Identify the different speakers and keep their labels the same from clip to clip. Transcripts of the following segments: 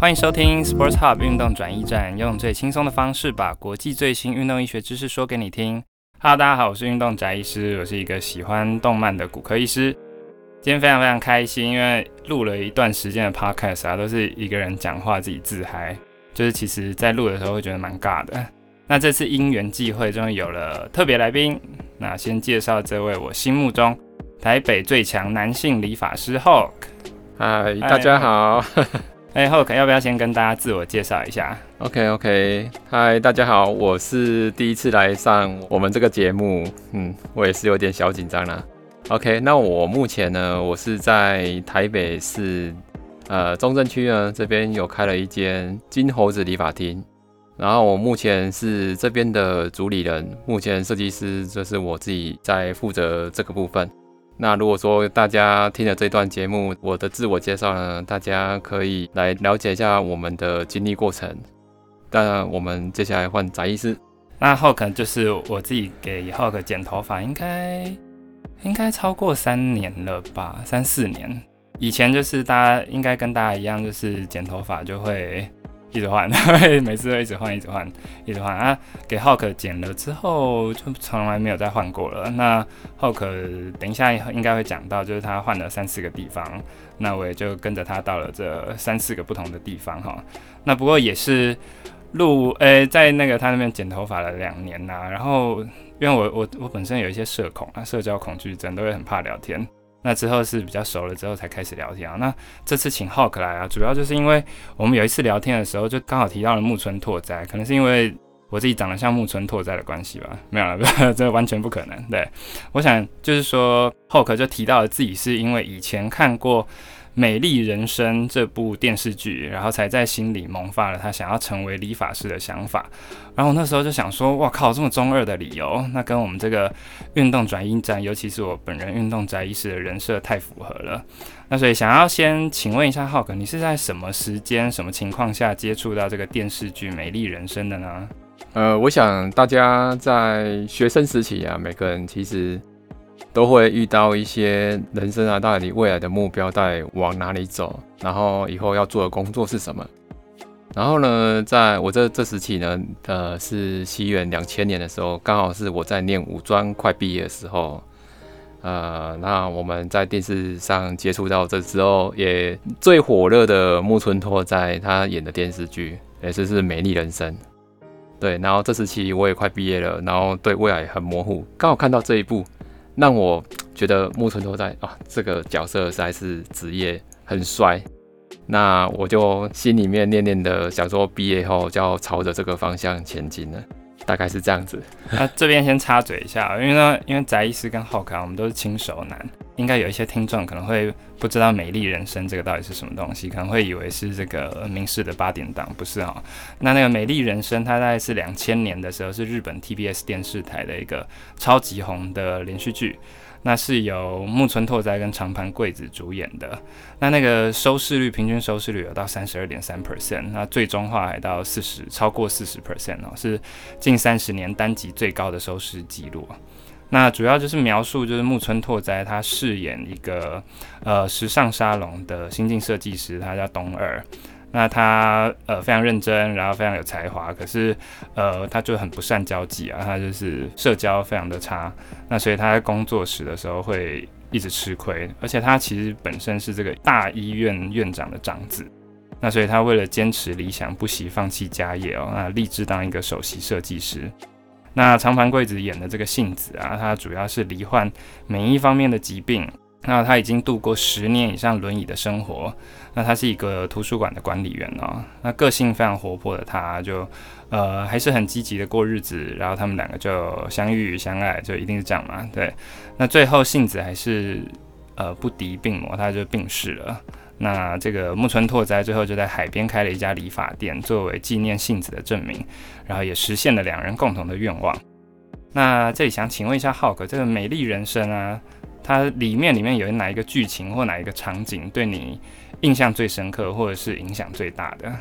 Speaker 1: 歡迎收聽 Sports Hub 運動轉驛站，用最輕鬆的方式把國際最新運動醫學知識說給你聽。Hello，大家好，我是運動宅醫師，我是一個喜歡動漫的骨科醫師。今天非常非常開心，因為錄了一段時間的 podcast 啊，都是一個人講話自己自嗨，就是其實在錄的時候會覺得蠻尬的。那這次因緣際會終於有了特別來賓，那先介紹這位我心目中台北最強男性理髮師 Hawk。嗨，大家好.。 哎，好，可要不要先跟大家自我介紹一下
Speaker 2: ？OK，OK，嗨，okay, okay. Hi, 大家好，我是第一次來上我們這個節目，嗯，我也是有點小緊張啦。OK，那我目前呢，我是在台北市，呃，中正區呢這邊有開了一間金猴子理髮廳，然後我目前是這邊的主理人，目前設計師就是我自己在負責這個部分。那如果說大家聽了這段節目，我的自我介紹呢，大家可以來了解一下我們的經歷過程。當然，我們接下來換宅醫師。那 Hawk 就是我自己給 Hawk 剪頭髮，應該
Speaker 1: 應該超過三年了吧，三四年。以前就是大家應該跟大家一樣，就是剪頭髮就會，一直換，每次都一直換，一直換，一直換啊！給 Hulk 剪了之後，就從來沒有再換過了。那 Hulk 等一下應該會講到，就是他換了三四個地方。那我也就跟着他到了這三四個不同的地方哈。那不過也是錄，誒、欸，在那個他那邊剪頭髮了兩年吶、啊。然後因為我我我本身有一些社恐啊，社交恐懼症，都會很怕聊天。那之後是比較熟了之後才開始聊天啊。那這次請 Hawk 來啊，主要就是因為我們有一次聊天的時候，就剛好提到了木村拓哉，可能是因為我自己長得像木村拓哉的關係吧。沒有了，這完全不可能。對，我想就是說，Hawk 就提到了自己是因為以前看過。《美麗人生》這部電視劇，然後才在心裡萌發了他想要成為理髮師的想法。然後我那時候就想說，哇靠，這麼中二的理由，那跟我們這個運動轉驛站，尤其是我本人運動宅醫師的人設太符合了。那所以想要先請問一下浩哥，你是在什麼時間、什麼情況下接觸到這個電視劇《美麗人生》的呢？
Speaker 2: 呃，我想大家在學生時期啊，每個人其實。都會遇到一些人生啊，到底未來的目標在往哪裡走，然後以後要做的工作是什麼？然後呢，在我這這時期呢，呃，是西元兩千年的時候，剛好是我在念五專快畢業的時候，呃，那我們在電視上接觸到這之後，也最火熱的木村拓哉，在他演的電視劇，也就是，是《美麗人生》。對，然後這時期我也快畢業了，然後對未來很模糊，剛好看到這一部。讓我覺得木村拓哉啊，這個角色實在是職業很帥，那我就心裡面念念的想說畢業後就要朝着這個方向前進了，大概是這樣子。那、啊、這邊先插嘴一下，因為呢，因為宅醫師跟
Speaker 1: 浩康、啊、我們都是輕熟男。應該有一些聽眾可能會不知道《美麗人生》這個到底是什麼東西，可能會以為是這個民視的八點檔，不是哈，哦？那那個《美麗人生》它大概是兩千年的時候是日本 TBS 電視台的一個超級紅的連續劇，那是由木村拓哉跟常盤貴子主演的。那那個收視率平均收視率有到三十二點三 percent，那最終話還到四十，超過四十 percent 哦，是近三十年單集最高的收視紀錄。那主要就是描述，就是木村拓哉他飾演一個呃時尚沙龍的新晉設計師，他叫東二。那他呃非常認真，然後非常有才華，可是呃他就很不善交際啊，他就是社交非常的差。那所以他在工作時的時候會一直吃虧，而且他其實本身是這個大醫院院長的長子，那所以他為了堅持理想，不惜放棄家業哦，那立志當一個首席設計師。那常盤貴子演的這個杏子啊，他主要是罹患免疫方面的疾病。那他已經度過十年以上輪椅的生活。那他是一個圖書館的管理員哦，那個性非常活潑的他就，就呃還是很積極的過日子。然後他們兩個就相遇相愛，就一定是這樣嘛？對。那最後杏子還是呃不敵病魔，他就病逝了。那這個木村拓哉最後就在海邊開了一家理髮店，作為紀念杏子的證明，然後也實現了兩人共同的願望。那這裡想請問一下浩哥，這個《美麗人生》啊，它裡面裡面有哪一個劇情或哪一個場景對你印象
Speaker 2: 最深刻，或者是影響最大的？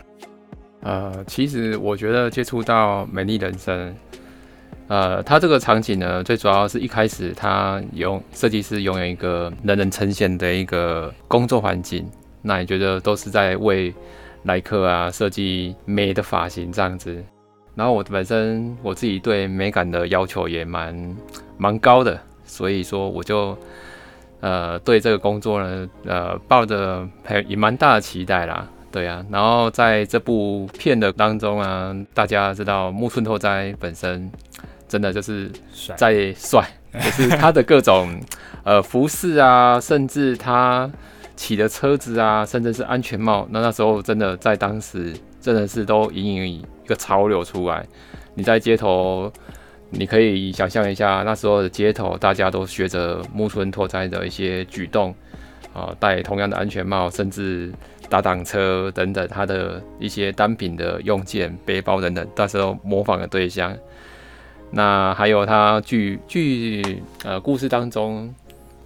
Speaker 2: 呃，其實我覺得接觸到《美麗人生》，呃，它這個場景呢，最主要是一開始它有設計師擁有一個人人稱羨的一個工作環境。那你覺得都是在為來客啊設計美的髮型這樣子，然後我本身我自己對美感的要求也蠻蠻高的，所以說我就呃對這個工作呢呃抱着還也蠻大的期待啦，對啊，然後在這部片的當中啊，大家知道木村拓哉本身真的就是在帥，就是他的各種 呃服飾啊，甚至他。騎的車子啊，甚至是安全帽，那那時候真的在當時真的是都引領一個潮流出來，你在街頭，你可以想象一下那時候的街頭，大家都學着木村拓哉的一些舉動啊、呃，戴同樣的安全帽，甚至打檔車等等，他的一些單品的用件、背包等等，那時候模仿的對象。那還有他劇劇呃故事當中。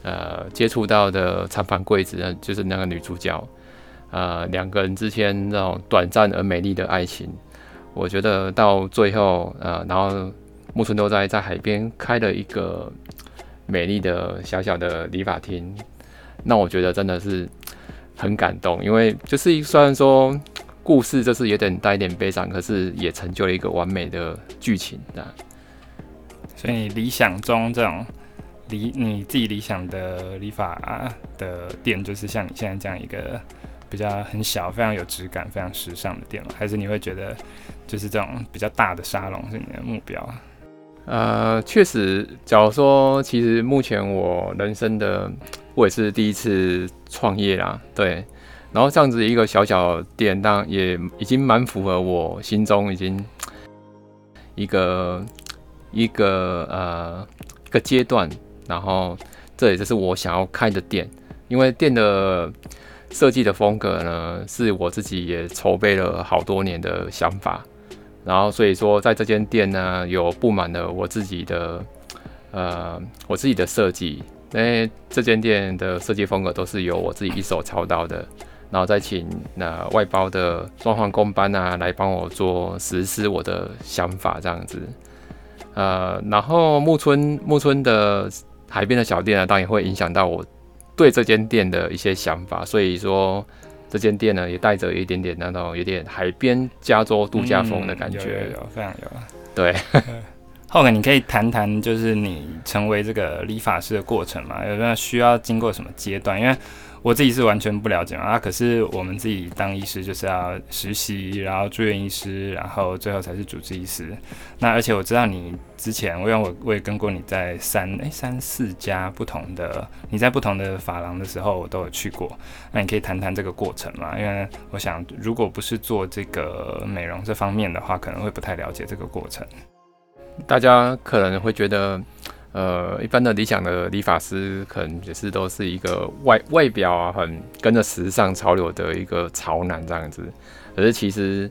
Speaker 2: 呃，接觸到的常盤貴子呢，就是那個女主角，呃，兩個人之間那種短暫而美麗的愛情，我覺得到最後，呃，然後木村都在在海邊開了一個美麗的小小的理髮廳，那我覺得真的是很感動，因為就是雖然說故事就是有點帶點悲傷，可是也成就了一個完美的劇情，對、啊、所以你理想中這種。理
Speaker 1: 你自己理想的理髮、啊、的店，就是像你現在這樣一個比較很小、非常有質感、非常時尚的店，還是你會覺得就是這種比較大的沙龍是你的目標？
Speaker 2: 呃，確實，假如說，其實目前我人生的我也是第一次創業啦，對。然後這樣子一個小小店，當然也已經蠻符合我心中已經一個一個呃一個階段。然後，這也就是我想要開的店，因為店的設計的風格呢，是我自己也籌備了好多年的想法。然後，所以說在這間店呢，有布滿了我自己的，呃，我自己的設計。因為這間店的設計風格都是由我自己一手操刀的，然後再請那、呃、外包的裝潢工班啊，來幫我做實施我的想法這樣子。呃，然後木村木村的。海邊的小店呢，當然也會影響到我對這間店的一些想法。所以說，這間店呢，也帶着一點點那種有點海邊加州度假風的感覺，嗯、有，有，有非常有。
Speaker 1: 對，後 面你可以談談，就是你成為這個理髮師的過程嘛？有沒有需要經過什麼階段？因為。我自己是完全不了解嘛！啊，可是我們自己當醫師就是要實習，然後住院醫師，然後最後才是主治醫師。那而且我知道你之前，因為我，我也跟過你在三誒三四家不同的，你在不同的髮廊的時候我都有去過。那你可以談談這個過程嘛？因為我想，如果不是做這個美容這方面的話，可能會不太了解這個
Speaker 2: 過程。大家可能會覺得。呃，一般的理想的理髮師可能也是都是一個外外表啊，很跟着時尚潮流的一個潮男這樣子。可是，其實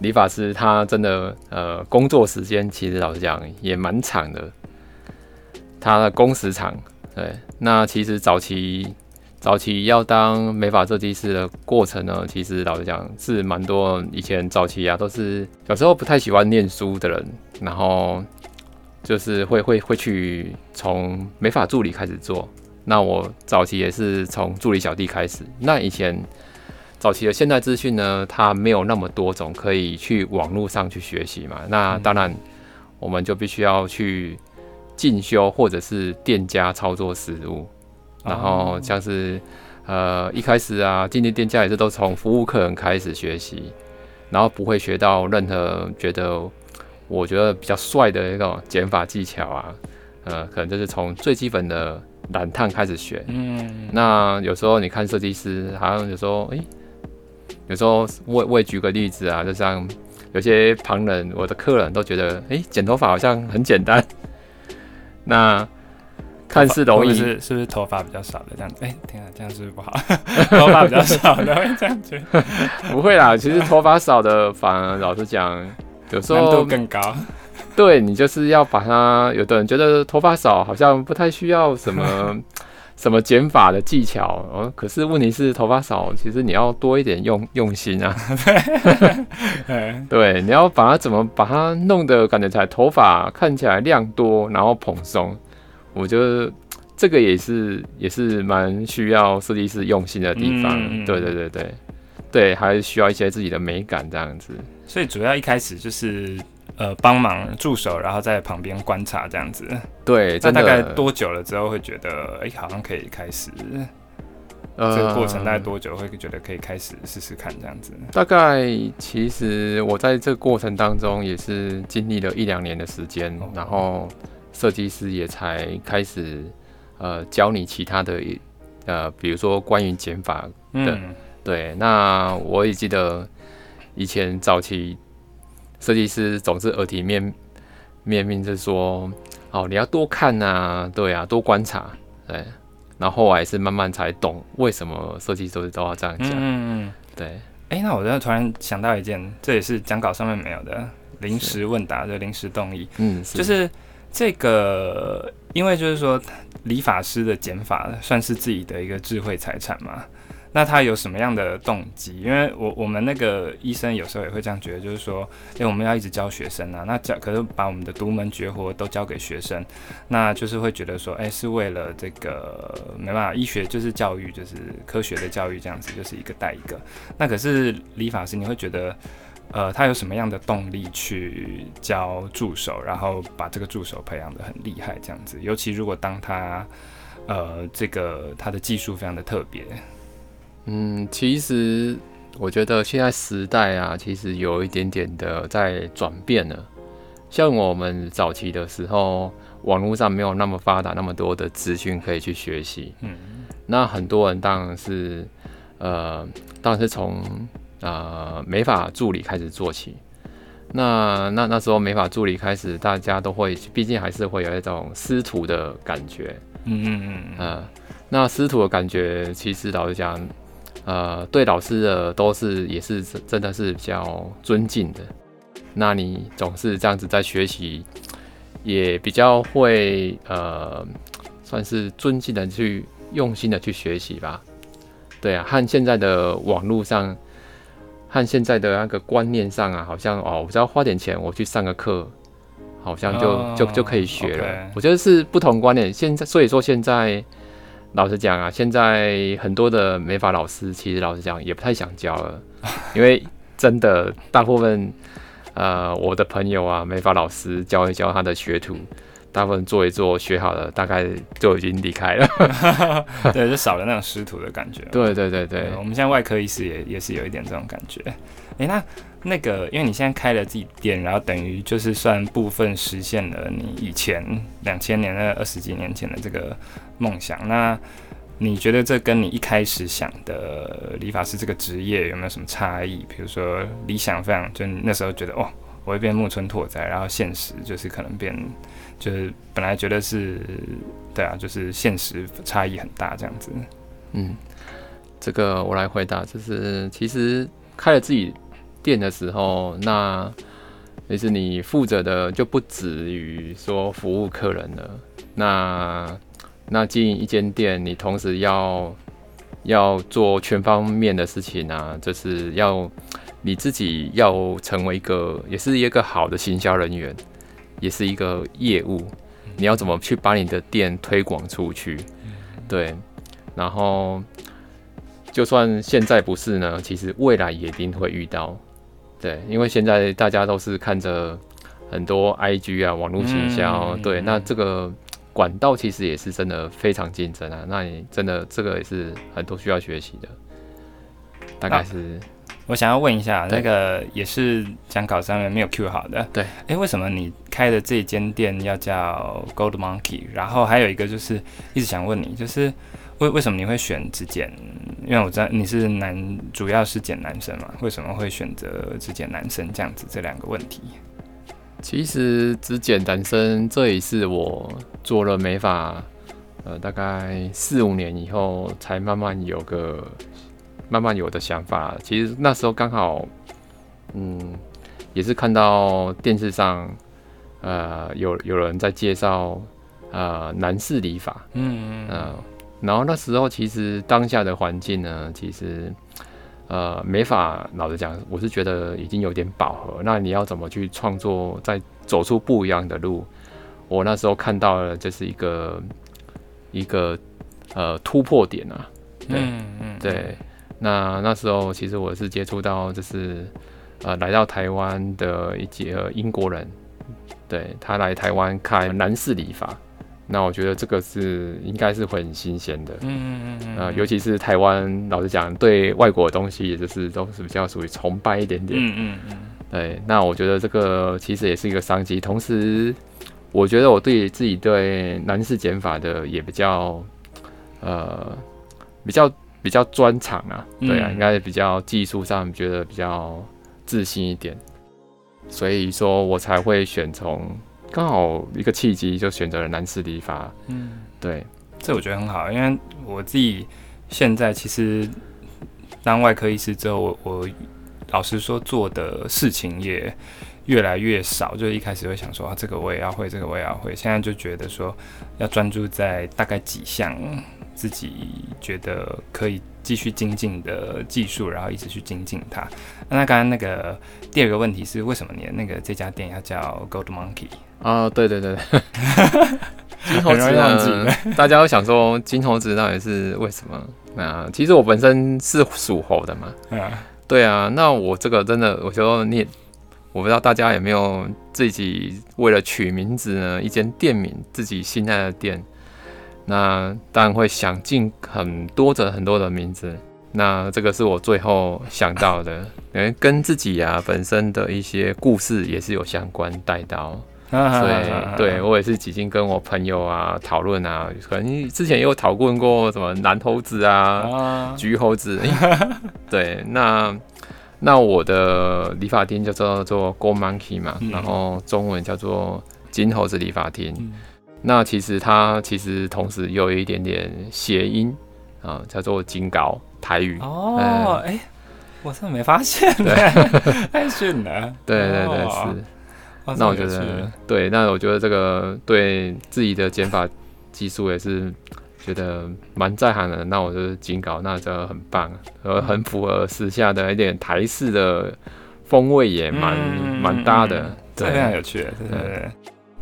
Speaker 2: 理髮師他真的呃，工作時間其實老實講也蠻長的，他的工時長。對，那其實早期早期要當美髮設計師的過程呢，其實老實講是蠻多。以前早期啊，都是小時候不太喜歡念書的人，然後。就是會會會去從美髮助理開始做，那我早期也是從助理小弟開始。那以前早期的現代資訊呢，它沒有那麼多種可以去網絡上去學習嘛。那當然，我們就必須要去進修，或者是店家操作實務、嗯。然後像是呃一開始啊，進店店家也是都從服務客人開始學習，然後不會學到任何覺得。我覺得比較帥的那種剪法技巧啊，呃，可能就是從最基本的染燙開始學。嗯。那有時候你看設計師，好像有時候，哎、欸，有時候我我也舉個例子啊，就像有些旁人，我的客人都覺得，哎、欸，剪頭髮好像很簡單。 那看似容易，是，是不是頭髮比較少的這樣？
Speaker 1: 哎、欸，天啊，這樣是不是不好？ 頭髮比較少的會這樣覺
Speaker 2: 得？ 不會啦，其實頭髮少的反而老實講。有時候難度更高。對，你就是要把它，有的人覺得頭髮少好像不太需要什麼 什麼剪髮的技巧。哦，可是問題是頭髮少，其實你要多一點用用心啊，對， 對，你要把它怎麼把它弄得，感覺才頭髮看起來量多，然後蓬鬆。我覺得這個也是也是蠻需要設計師用心的地方。嗯、對對對對對，還是需要一些自己的美感這樣子。
Speaker 1: 所以主要一開始就是呃幫忙助手，然後在旁邊觀察這樣子。對，這大概多久了之後會覺得，誒、欸，好像可以開始。呃，這個過程大概多久會覺得可以開始試試看這樣子？
Speaker 2: 大概其實我在這過程當中也是經歷了一兩年的時間，然後設計師也才開始呃教你其他的呃，比如說關於剪法的。嗯。對，那我也記得。以前早期設計師，總是耳提面命，就是說，哦，你要多看啊，對啊，多觀察，對。然後後來是慢慢才懂，為什麼設計師都要這樣講。嗯嗯，嗯對。哎、
Speaker 1: 欸，那我真的突然想到一件，這也是講稿上面沒有的，臨時問答，就臨時動議。嗯，就是這個，因為就是說，理髮師的剪法算是自己的一個智慧財產嘛。那他有什麼樣的動機？因為我我們那個醫生有時候也會這樣覺得，就是說，哎、欸，我們要一直教學生啊，那教可是把我們的獨門絕活都教給學生，那就是會覺得說，哎、欸，是為了這個沒辦法，醫學就是教育，就是科學的教育這樣子，就是一個帶一個。那可是理髮師，你會覺得，呃，他有什麼樣的動力去教助手，然後把這個助手培養得很厲害這樣子？尤其如果當他，
Speaker 2: 呃，這個他的技術非常的特別。嗯，其實我覺得現在時代啊，其實有一點點的在轉變了。像我們早期的時候，網絡上沒有那麼發達，那麼多的資訊可以去學習。嗯，那很多人當然是，呃，當然是從呃美髮助理開始做起。那那那時候美髮助理開始，大家都會，畢竟還是會有一種師徒的感覺。嗯嗯嗯、嗯。啊、呃，那師徒的感覺，其實老實講。呃，對老師的都是也是真的，是比較尊敬的。那你總是這樣子在學習，也比較會呃，算是尊敬的去用心的去學習吧。對啊，和現在的網絡上，和現在的那個觀念上啊，好像哦，我只要花點錢我去上個課，好像就就就可以學了。Oh, okay. 我覺得是不同觀念。現在所以說現在。老實講啊，現在很多的美髮老師其實老實講也不太想教了，因為真的大部分， 呃，我的朋友啊，美髮老師教一教他的學徒，大部分做一做學好了，大概就已經離開了，
Speaker 1: 對，就少了那種師徒的感覺。
Speaker 2: 對對對對，對我們現在外科醫師
Speaker 1: 也也是有一點這種感覺。誒、欸。那那個，因為你現在開了自己店，然後等於就是算部分實現了你以前兩千年的二十幾年前的這個。夢想？那你覺得這跟你一開始想的理髮師這個職業有沒有什麼差異？比如說理想非常，就那時候覺得哦，我會變木村拓哉，然後現實就是可能變，就是本來覺得是，對啊，就是
Speaker 2: 現實差異很大這樣子。嗯，這個我來回答，就是其實開了自己店的時候，那也是你負責的就不止於說服務客人了，那。那經營一間店，你同時要要做全方面的事情啊，就是要你自己要成為一個，也是一個好的行銷人員，也是一個業務，你要怎麼去把你的店推廣出去？對，然後就算現在不是呢，其實未來也一定會遇到，對，因為現在大家都是看着很多 IG 啊，網絡行銷，對，那這個。管道其實也是真的非常競爭啊，那你真的這個也是很多需要學習的，大概是、啊。我想要問一下，那個也是講稿上面沒有 Q 好的，對。哎、
Speaker 1: 欸，為什麼你開的這間店要叫 Gold Monkey？然後還有一個就是一直想問你，就是為為什麼你會選只剪？因為我知道你是男，主要是剪男生嘛，為什麼會選擇只剪男生這樣子？這兩個問題。
Speaker 2: 其實只剪男生，這也是我做了美髮，呃，大概四五年以後才慢慢有個慢慢有的想法。其實那時候剛好，嗯，也是看到電視上，呃，有有人在介紹，呃，男士理髮，嗯嗯，嗯，呃，然後那時候其實當下的環境呢，其實。呃，沒法，老實講，我是覺得已經有點飽和。那你要怎麼去創作，再走出不一樣的路？我那時候看到了，這是一個一個呃突破點啊。對嗯，嗯，嗯對。那那時候其實我是接觸到，就是呃來到台灣的一杰英國人，對他來台灣看男士理髮。那我覺得這個是應該是很新鮮的，嗯嗯嗯啊、嗯呃，尤其是台灣，老實講，對外國的東西也就是都是比較屬於崇拜一點點，嗯嗯嗯。對，那我覺得這個其實也是一個商機。同時，我覺得我對自己對男士剪髮的也比較，呃，比較比較專長啊嗯嗯，對啊，應該是比較技術上覺得比較自信一點，所以說，我才會選從。剛好一個契機，就選擇了男士理髮。嗯，對，
Speaker 1: 這我覺得很好，因為我
Speaker 2: 自己現在其實當外科醫
Speaker 1: 師之後，我我老實說做的事情也越來越少。就一開始會想說啊，這個我也要會，這個我也要會。現在就覺得說要專注在大概幾項自己覺得可以繼續精進的技術，然後一直去精進它。那、啊、那剛剛那個第二個問題是，為什麼你的那個這家店要叫 Gold Monkey？
Speaker 2: 啊、uh，對對對 金猴子、啊， 大家都想說金猴子到底是為什麼？其實我本身是屬猴的嘛，啊， 對啊，那我這個真的，我覺得你，我不知道大家有沒有自己為了取名字呢，一間店名，自己心愛的店，那當然會想盡很多的很多的名字，那這個是我最後想到的，哎，跟自己啊本身的一些故事也是有相關帶到。 對，對我也是幾經跟我朋友啊討論啊，可能之前也有討論過什麼藍猴子啊、橘、oh. 猴子，欸、 對，那那我的理髮店就叫做 Go Monkey 嘛，然後中文叫做金猴子理髮店，嗯。那其實它其實同時又有一點點諧音啊、呃，叫做金稿台語哦，
Speaker 1: 哎、oh, 呃欸，我怎麼沒發現呢、欸？ 太遜了，對對對，oh. 是。那我覺得
Speaker 2: 對，那我覺得這個對自己的剪髮技術也是覺得蠻在行的。那我就是警告，那真的很棒，而很符合時下的一點台式的風味也蠻蠻、嗯、搭的，嗯、對，非常有趣，對，對,對。
Speaker 1: 嗯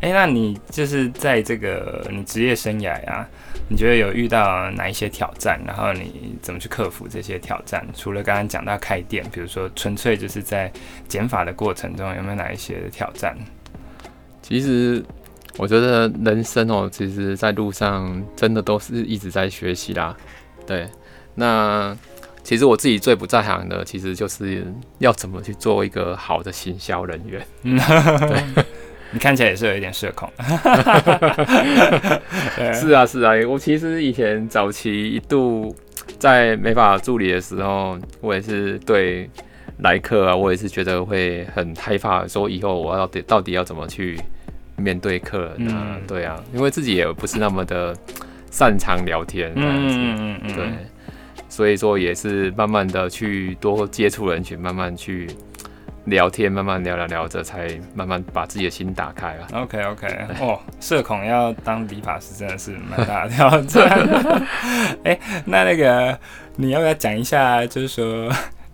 Speaker 1: 哎、欸，那你就是在這個你職業生涯啊，你覺得有遇到哪一些挑戰？然後你怎麼去克服這些挑戰？除了剛剛講到開店，比如說純粹就是在剪髮的過程中，有沒有哪一些挑戰？
Speaker 2: 其實我覺得人生哦、喔，其實在路上真的都是一直在學習啦。對，那其實我自己最不在行的，其實就是要怎麼去做一個好的行銷人員。對 你看起來也是有一點社恐， 是啊是啊，我其實以前早期一度在美髮助理的時候，我也是對來客啊，我也是覺得會很害怕，說以後我要到底到底要怎麼去面對客人啊、嗯？對啊，因為自己也不是那麼的擅長聊天，嗯，嗯嗯嗯，對，所以說也是慢慢的去多接觸人群，慢慢去。聊天慢慢聊聊聊着，才慢慢把自己的心打開
Speaker 1: OK OK，哦，社恐要當理髮師真的是蠻大的挑戰。哎、 欸，那那個你要不要講一下？就是說，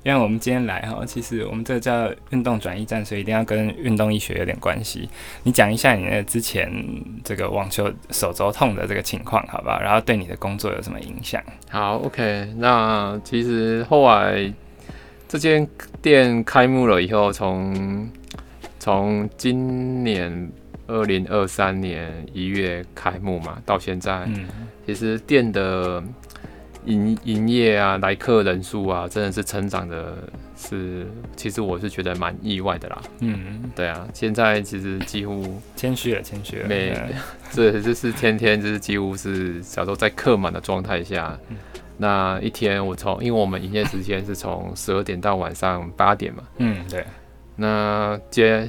Speaker 1: 因為我們今天來哈，其實我們這叫運動轉驛站，所以一定要跟運動醫學有點關係。你講一下你那之前這個網球手肘痛的這個情況，好不好？然
Speaker 2: 後對你的工作有什麼影響？好，OK。那其實後來這件。店開幕了以後，從從今年二零二三年一月開幕嘛，到現在，嗯、其實店的營營業啊、來客人數啊，真的是成長的是，是其實我是覺得蠻意外的啦。嗯，對啊，現在其實幾乎
Speaker 1: 謙虛了，謙虛了，
Speaker 2: 這這、就是天天就是幾乎是，小時候在客滿的狀態下。嗯那一天我從，因為我們營業時間是從十二點到晚上八點嘛，嗯，對。那接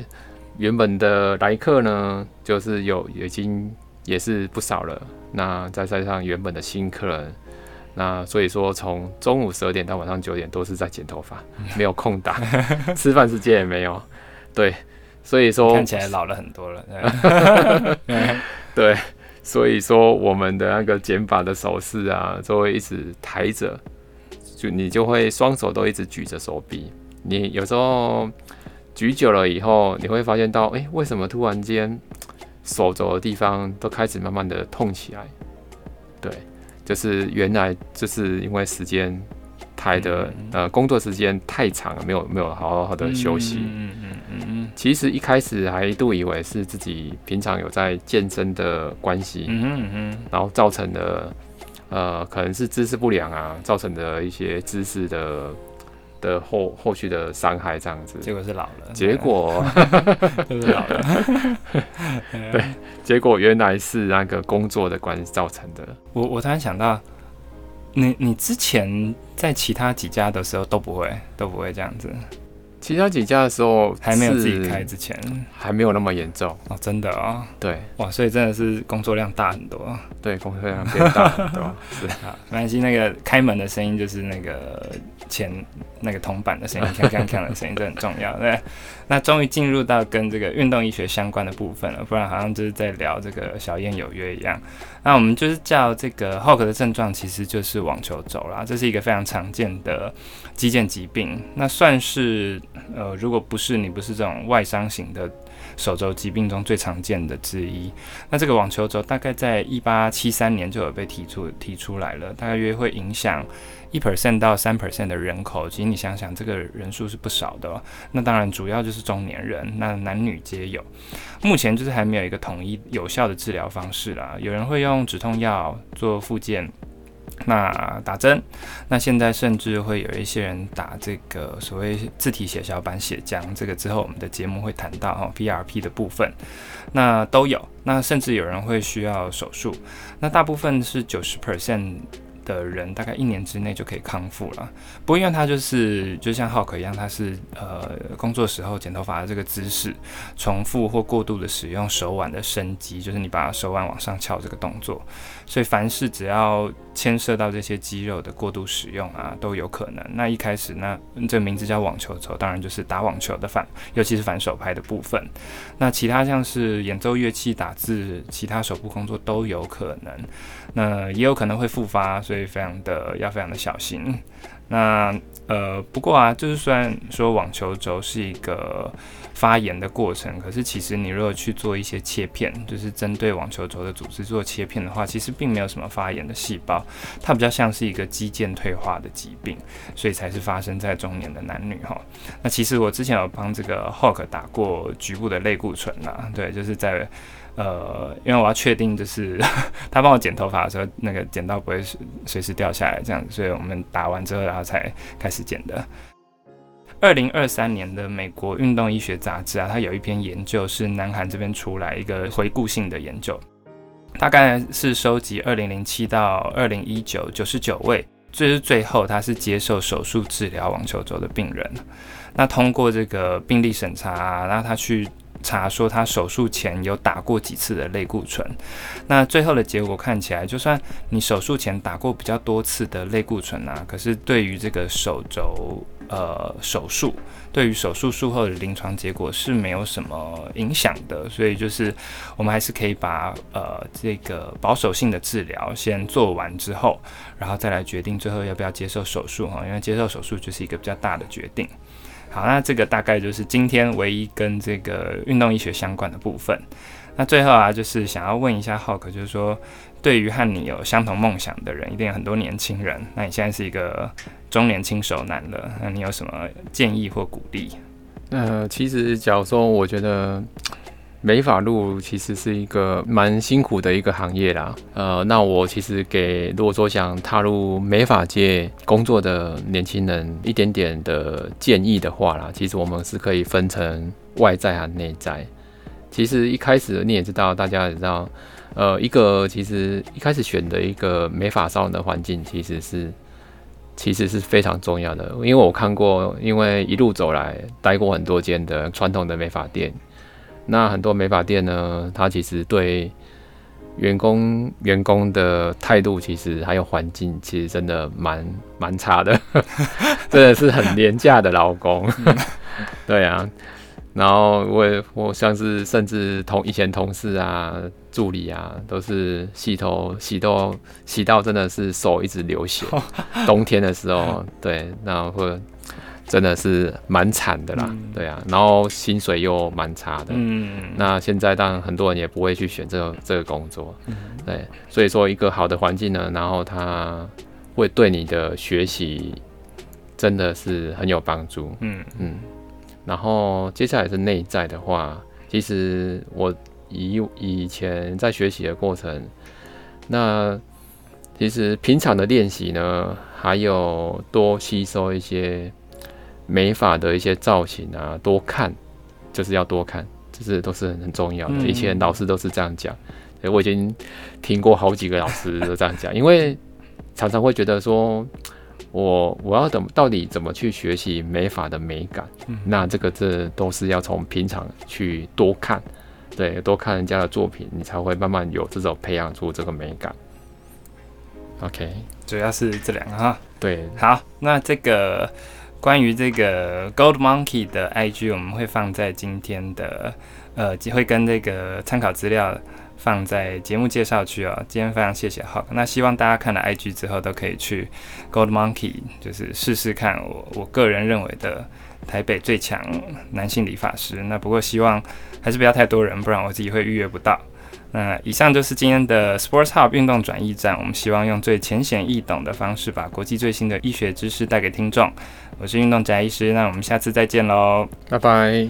Speaker 2: 原本的來客呢，就是有已經也是不少了。那再加上原本的新客人，那所以說從中午十二點到晚上九點都是在剪頭髮，嗯，沒有空檔， 吃飯時間也沒有。對，所以說看起來老了很多了。對。 對所以說，我們的那個剪髮的手勢啊，就會一直抬着，就你就會雙手都一直舉着手臂。你有時候舉久了以後，你會發現到，誒、欸，為什麼突然間手肘的地方都開始慢慢的痛起來？對，就是原來就是因為時間。的、嗯嗯、呃，工作時間太長了，沒有沒有好好的休息。嗯嗯嗯嗯，嗯。其實一開始還一度以為是自己平常有在健身的關係，嗯嗯，嗯，然後造成的呃，可能是姿勢不良啊，造成的一些姿勢的的後後續的傷害這樣子。結果是老了。嗯、結果 就是老了 對，結果原來是那個工作的關係造成的。我我突然想到。你你之前在其他幾家的時候都不會
Speaker 1: 都不會這樣子。其他幾家的時候還沒有自己開之前，還沒有那麼嚴重哦，真的啊、哦，對，哇，所以真的是工作量大很多，對，工作量變大很多， 是啊，沒關係，那個開門的聲音就是那個錢那個銅板的聲音，鏘鏘鏘的聲音，這很重要，對， 那終於進入到跟這個運動醫學相關的部分了，不然好像就是在聊這個小燕有約一樣，那我們就是叫這個 Hawk 的症狀其實就是網球肘啦，這是一個非常常見的肌腱疾病，那算是。呃，如果不是你不是這種外傷型的，手肘疾病中最常見的之一，那這個網球肘大概在一八七三年就有被提出提出來了，大約會影響一 percent 到三 percent 的人口。其實你想想，這個人數是不少的喔。那當然，主要就是中年人，那男女皆有。目前就是還沒有一個統一有效的治療方式啦。有人會用止痛藥做復健。那打針，那現在甚至會有一些人打這個所謂自體血小板血漿，這個之後我們的節目會談到哦，PRP 的部分，那都有，那甚至有人會需要手術，那大部分是九十 percent。的人大概一年之內就可以康復了。不過，因為他就是就像浩克一樣，他是呃工作時候剪頭髮的這個姿勢，重複或過度的使用手腕的伸肌，就是你把手腕往上翹這個動作。所以，凡是只要牽涉到這些肌肉的過度使用啊，都有可能。那一開始呢，這個名字叫網球肘，當然就是打網球的反，尤其是反手拍的部分。那其他像是演奏樂器、打字、其他手部工作都有可能。那也有可能會復發，所以非常的要非常的小心。那呃，不過啊，就是雖然說網球肘是一個發炎的過程，可是其實你如果去做一些切片，就是針對網球肘的組織做切片的話，其實並沒有什麼發炎的細胞，它比較像是一個肌腱退化的疾病，所以才是發生在中年的男女哈。那其實我之前有幫這個 Hawk 打過局部的類固醇啦、啊，對，就是在。呃，因為我要確定，就是呵呵他幫我剪頭髮的時候，那個剪刀，不會隨時掉下來，這樣，所以我們打完之後，然後才開始剪的。二零二三年的美國運動醫學雜誌啊，它有一篇研究是南韓這邊出來一個回顧性的研究，大概是收集二零零七到二零一九九十九位，這、就是最後他是接受手術治療網球肘的病人，那通過這個病例審查、啊，然後他去。查說他手術前有打過幾次的類固醇，那最後的結果看起來，就算你手術前打過比較多次的類固醇啊，可是對於這個手肘呃手術，對於手術術後的臨床結果是沒有什麼影響的。所以就是我們還是可以把呃這個保守性的治療先做完之後，然後再來決定最後要不要接受手術哈，因為接受手術就是一個比較大的決定。好，那這個大概就是今天唯一跟這個運動醫學相關的部分。那最後啊，就是想要問一下浩克，就是說，對於和你有相同夢想的人，一定有很多年輕人。那你現在是一個中年輕熟男了，那你有什
Speaker 2: 麼建議或鼓勵？呃，其實假如說，我覺得。美髮路其實是一個蠻辛苦的一個行業啦，呃，那我其實給如果說想踏入美髮界工作的年輕人一點點的建議的話啦，其實我們是可以分成外在和內在。其實一開始你也知道，大家也知道，呃，一個其實一開始選擇一個美髮沙龍的環境，其實是其實是非常重要的，因為我看過，因為一路走來待過很多間的傳統的美髮店。那很多美髮店呢，它其實對員工員工的態度，其實還有環境，其實真的蠻蠻差的， 真的是很廉價的勞工 對啊，然後我我像是甚至同以前同事啊、助理啊，都是洗頭，洗頭洗到洗到，真的是手一直流血。Oh. 冬天的時候，對，然後會。真的是蠻慘的啦，嗯，對啊，然後薪水又蠻差的，嗯，那現在當然很多人也不會去選這個這個工作，嗯，對，所以說一個好的環境呢，然後它會對你的學習真的是很有幫助，嗯嗯，然後接下來是內在的話，其實我以以前在學習的過程，那其實平常的練習呢，還有多吸收一些。美髮的一些造型啊，多看，就是要多看，這，就是都是很重要的，嗯。以前老師都是這樣講，所以我已經聽過好幾個老師都這樣講。 因為常常會覺得說，我我要怎麼到底怎麼去學習美髮的美感，嗯？那這個這都是要從平常去多看，對，多看人家的作品，你才會慢慢有這種培養出這個美感。OK，
Speaker 1: 主要是這兩個哈。對，好，那這個。關於這個 Gold Monkey 的 IG，我們會放在今天的呃，會跟這個參考資料放在節目介紹區哦。今天非常謝謝，好。那希望大家看了 IG 之後都可以去 Gold Monkey，就是試試看我我個人認為的台北最強男性理髮師。那不過希望還是不要太多人，不然我自己會預約不到。那以上就是今天的 Sports Hub 運動轉驛站。我們希望用最淺顯易懂的方式，把國際最新的醫學知識帶給聽眾。我是運動宅醫師，那我們下次再見嘍，拜拜。